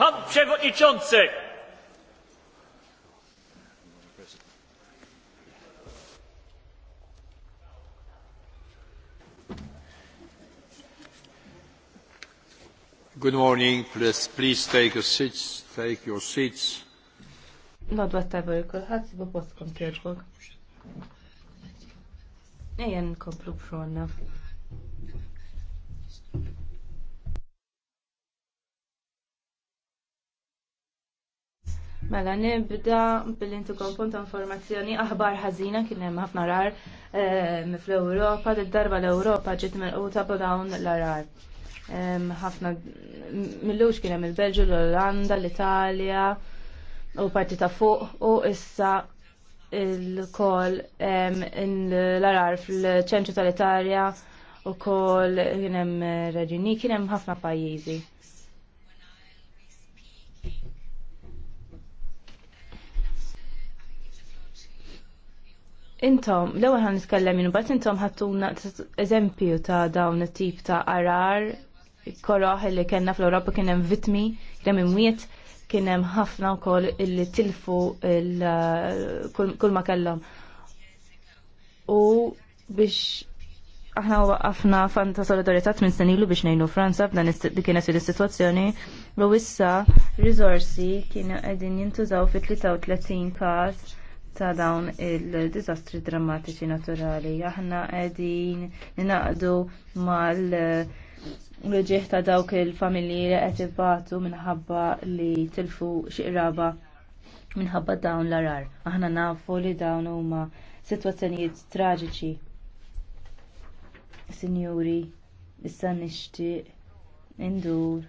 Pan Przewodniczący! Good morning, please, please take your seats. take your seats. Not whatever Nodwa tajba jkolħat, jibu postkom kjerġbog. Ejjen komplu bxonna. Mela nibda billi ntukom punta informazzjoni aħbar ħażina kien hemm ħafna rar ehm, fl-Ewropa, darba l-Ewropa ġiet melquta b'dawn l-arar. Ehm, ħafna millux kien hemm il-Belġu, l-Olanda, l-Italja u parti ta' fuq u issa il-kol ehm, l-arar fil-ċentru tal-Italja u kol kien hemm reġini, kien hemm ħafna pajjiżi Intom, l-ewwel ħan nitkellem minn bat intom ħattuna eżempju ta' dawn it-tip ta' arar koroħ li kellna fl europa kien hemm vitmi, kien hemm imwiet, kien hemm ħafna wkoll illi tilfu eh, kull ma kellhom. U biex aħna ħafna fanta ta' solidarietà minn senilu biex ngħinu Franza b'dan kienet is-sitwazzjoni u issa riżorsi kienu qegħdin jintużaw fi 33 każ ta' dawn il-dizastri drammatiċi naturali. Aħna qegħdin ninaqdu mal l ta' dawk il-familji li qed ibatu minħabba li tilfu xi qraba minħabba dawn l-arar. Aħna nafu li dawn huma sitwazzjonijiet traġiċi. Sinjuri, issa nixtieq indur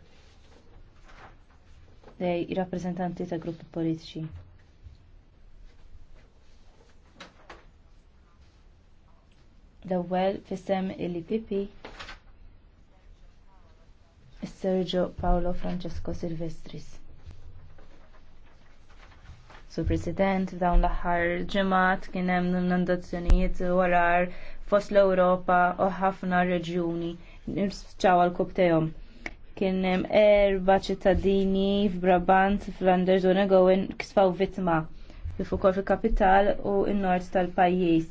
dej rappreżentanti ta' gruppi politiċi. l-ewwel fisem il-PP Sergio Paolo Francesco Silvestris. Sur President, f'dawn l-aħħar ġimgħat kien hemm inundazzjonijiet warar fost l-Ewropa u ħafna reġjuni nirċaw għal-kub Kien hemm erba' ċittadini f'Brabant fl-Anders u kisfaw vittma kif ukoll fil-kapital u n-nord tal-pajjiż